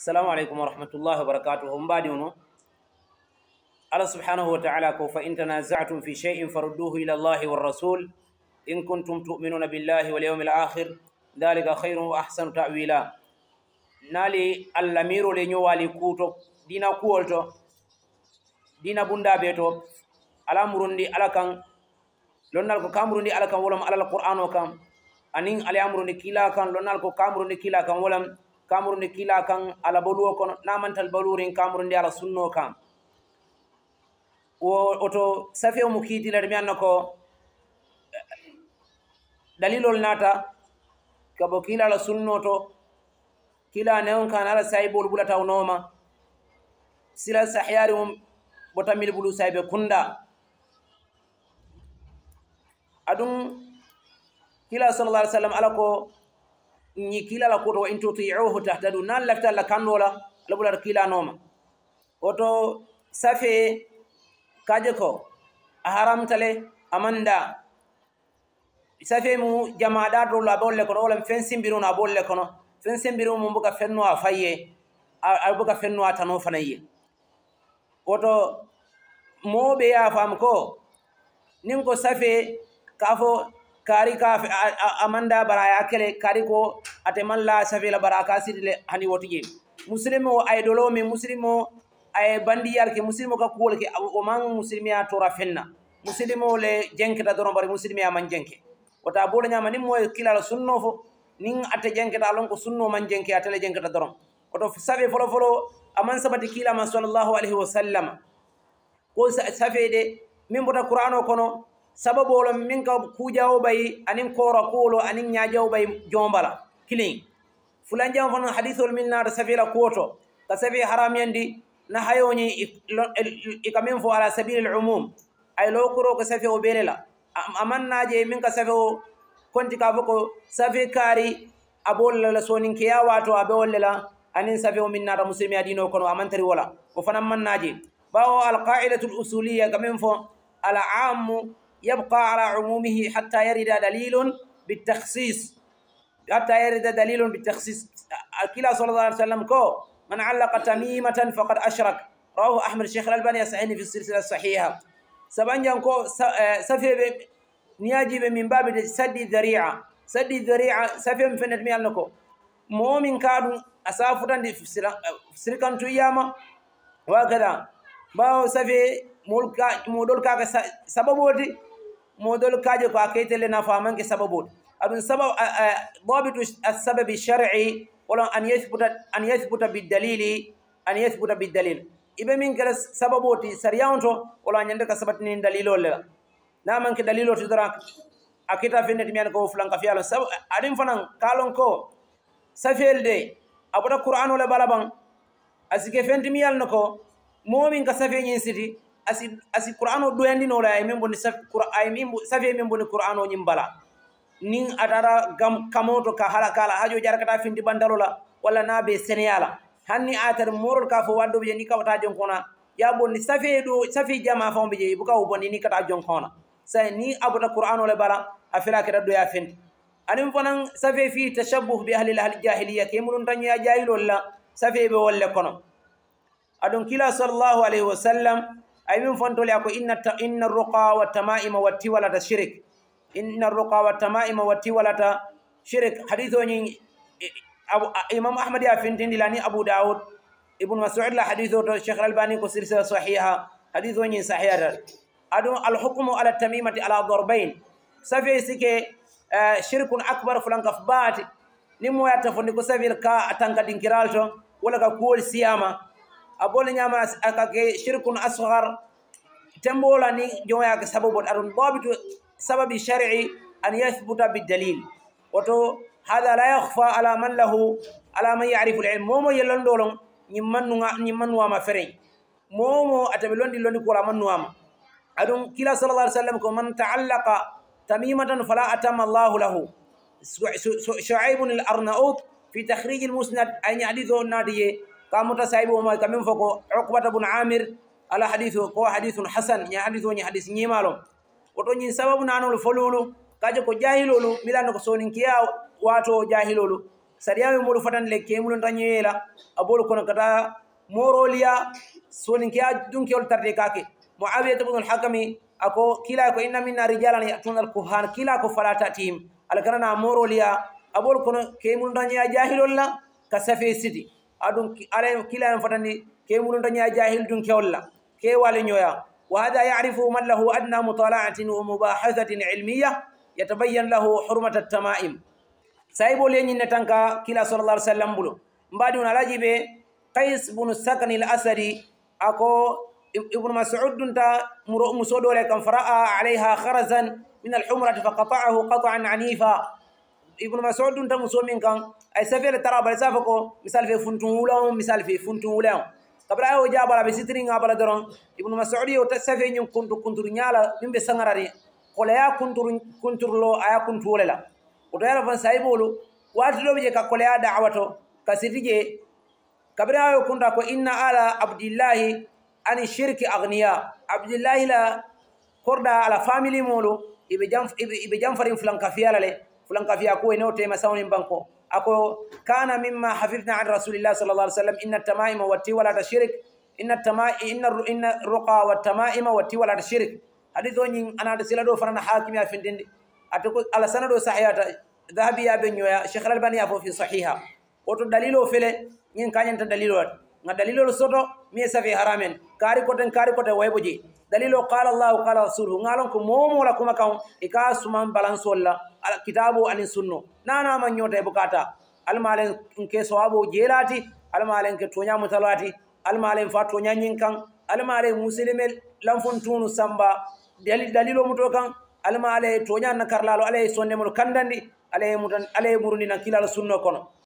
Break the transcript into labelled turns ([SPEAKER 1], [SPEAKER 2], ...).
[SPEAKER 1] assalamu aleykum wa rahmatullahi wa barakatuhu on mbaɗi ono allah subhanahu wa taala ko fa in tanazatum fi shei'in farudduhu ila llahi wa rasul in kuntum tuminuna billahi walyawmi lahir dalika hayrum wa ahsanu tawila naali allah mirole ñowali kuto dina kuwol to dina bundaɓe to ala murundi ala kan lonnal ko kamurundi ala kan wolam alal qur'an o kam anin ala amurundi kila kan lonnal ko kamurundi kila kan wolam kamru ndi kila kan ala baluwo kono namantal baluurin kamru ndi ala sunno kan oto safio mu kiitilere mi anna ko dalilol naata kabo kila ala sunno to kila newon kan ala sayibol ɓulatawnooma sila sahyari mum bo tammil bulu sayibe kunda aɗum kila sallallah alih sallam ala ko ñi kiilala koto wa in tutiuhu tahtadu nan laftalla kanndo la ala ɓurata kiilanooma woto safe kaje ko a haramtale amannda safe mu jamaɗa dorlo aɓe olle kono wolam fen simbiruno aɓe olle kono fen simbiru mu mboka fennu a fayye aɓe boka fennu a tano fanayye woto mooɓe yaafam ko nin ko safe kaa fo kari kafe amanda bara ya kere kari ko ate malla safe la bara ka sirile hani wotije muslimo ay dolo mi muslimo ay bandi yarke muslimo ka kuwol ke o man muslimiya tora fenna muslimo le jenke ta dorobari muslimiya man jenke wata bolo nyama ni moy kila la sunno fo nin ate jenke ta lon ko sunno man jenke atele jenke ta dorom oto safe folo folo aman sabati kila man sallallahu alaihi wasallam ko safe de min bota qur'ano kono sababolo min ka kuujawo ɓayi anin koora kuwolo anin ñaajawo ɓayi joombala kilin fulan jama fono hadisol min naata safila kuwoto ka safi haramyandi na hayoñi i ka min fo ala sabilel umum ay low kuro ko safi o ɓele la aman naaje min ka safi o konti ka fo ko safi kaari a bolle la sonin keya waato a ɓewolle la anin safi o min naata musilmi adino kono aman tari wola o fanan man naaje bawo alqaidatul usuliya ka min fo alaammu يبقى على عمومه حتى يرد دليل بالتخصيص حتى يرد دليل بالتخصيص كلا صلى الله عليه وسلم كو من علق تميمة فقد أشرك رواه أحمد الشيخ الألباني يسعيني في السلسلة الصحيحة سبنجا جانكو سفي آه، نياجي من باب سد الذريعة سد الذريعة سفي من فنت ميالنكو مؤمن كادو أسافران آه، في سلكان تياما وكذا باو سفي مولكا مولكا سبب modol kaje ko a keytelle nafamanke sababuɗ aɗum sabab bobitu assababi shari'i walon an yahbuta an yahbuta bidalili an yahbuta bidalil iɓe min kela sababu ti saria onto wala ñande ka sabatini dalilol lela namanke dalilo ti dora a kita finde ti miyani ko fulanka fiyalon sab aɗin fanan kalon ko safiel de a ɓota qur'anole bala ɓan a sike fentimiyalno ko momin ka safie ñin siti asi asi qur'an o ɗoyandinoɗa aymin boni safi emin boni qur'an o ñim bala nin atata gam kamoto ka hala kala hajo jarakata findi bandalola walla naɓe sénéyala hanni atat morol ka fo waddoɓe je ni kawata jonkona ya bonni safie ɗo safi e jama famɓe je buka o bonni ni kata jonkona say ni abota qur'an ole bala a fira keta ɗoya fendi anin fanan safie fi tashabbuh bi ahlil ahli jahiliya kemuɗum tañoya jahilolla safie ɓe wolle kono aɗon kila sallllahu alayhi wa sallam ay min fontoli ako inna inna ruqa wa tamaima watti walata shirik inna ruqa wa tamaima watti walata shirik hadith oni imam ahmad ya fintindi lani abu daud ibn mas'ud la hadith to shaykh albani ko silsila sahiha hadith oni sahiha adu al hukmu ala tamimati ala darbayn safi sike shirkun akbar fulan kafbat ni moya tafondi ko savil ka atanka dinkiral to wala ka kuwol siyama a bole ñama akake shirkun asgar tembola ni jon yake sababu aɗon dabitu sababi shar'i an yathbuta bidalil woto hada la yahfa ala man lahu ala man yarifu lilm momo yellandolon ñim mannuga ñim mannuwama fereñ momo ataɓe londi londi kola mannuwama aɗum kila sallallah alih sallam ko man taallaqa tamimatan fala atama allahu lahu shoaibun l arnaut في تخريج المسند أن يحدثه النادية كامتا سايبه وما كمين فوقه عقبة بن عامر ala hadisu ko hadisun hasan ñe hadis oñi hadis ñimalo oto ñin sababu nanolu folulu kaje ko jahilolu milanno ko soninkiya wato jahilolu sariyawe moɗu fatanle kemulu rañeyela abolu kono kata moroliya soninkiya dunkiol tarde kake moawiyatabnul hakami ako kila ko inna minna rijalan yatunal kuhan kila ko falata tim alakanana moroliya abolu kono kemulu rañeya jahilol la ka safe siti aɗum alakila fatani kemulu rañeya jahil dunkiol la كي والنيويا وهذا يعرف من له أدنى مطالعة ومباحثة علمية يتبين له حرمة التمائم سايبو لين نتنكا كلا صلى الله عليه وسلم بلو مبادون على جيبه قيس بن السكن الأسري أكو ابن مسعود تا مسعود ولكن فرأى عليها خرزا من الحمرة فقطعه قطعا عنيفا ابن مسعود تا مسومين كان أي سفير ترابل بلسافكو مثال في فنتون مثال في فنتون kabra ayo jaabala ɓe sitiriga bala doron ibnu masaud yo safeñin kuntu kuntur ñaala ɗum ɓe sangarari koleya kuntur kunturlo aya kuntuwole la woto yala fan sayiboolu watiloɓe je ka koleya dawa to ka siti je kabra ayo kunta ko inna ala abdillahi ani shirki agniya abdillahi la korɗa ala famili molu ɓe jamfarin fulankafiyala le fulankafiya kuwe ne o tema sawni banko ako kana mimma hafirna an rasulillah sall lah sallam inna tamaima watti walata shirik inna tamainna ruqa wa tamaima watti walata shirik hadis o ñin anata sila ɗo fanana hakim ya findinde ata ko ala sana ɗo sahayata dahabi ya ɓe ñoya cheikh lalbani ya fo fi sahiha oto dalil o fele ñin kañanta dalil o at ga dalil ol soto mie safi haramen kaari koten kaari kote wayi bo je dalil o qala llahu qala rasuluhu ngalon ko momola kuma kan e ka suman balansol la kitabu anin sunno nanama ñoota e bo kata almalen nke sowabo jeelati almalen ke toña mutalati almalen fa toña ñin kan almale musilime lanfontunu samba dalilo muto kan almale toña nakarlalo alaye sonnemolo kandandi alaye mutan alaye muruni nan kilal sunno kono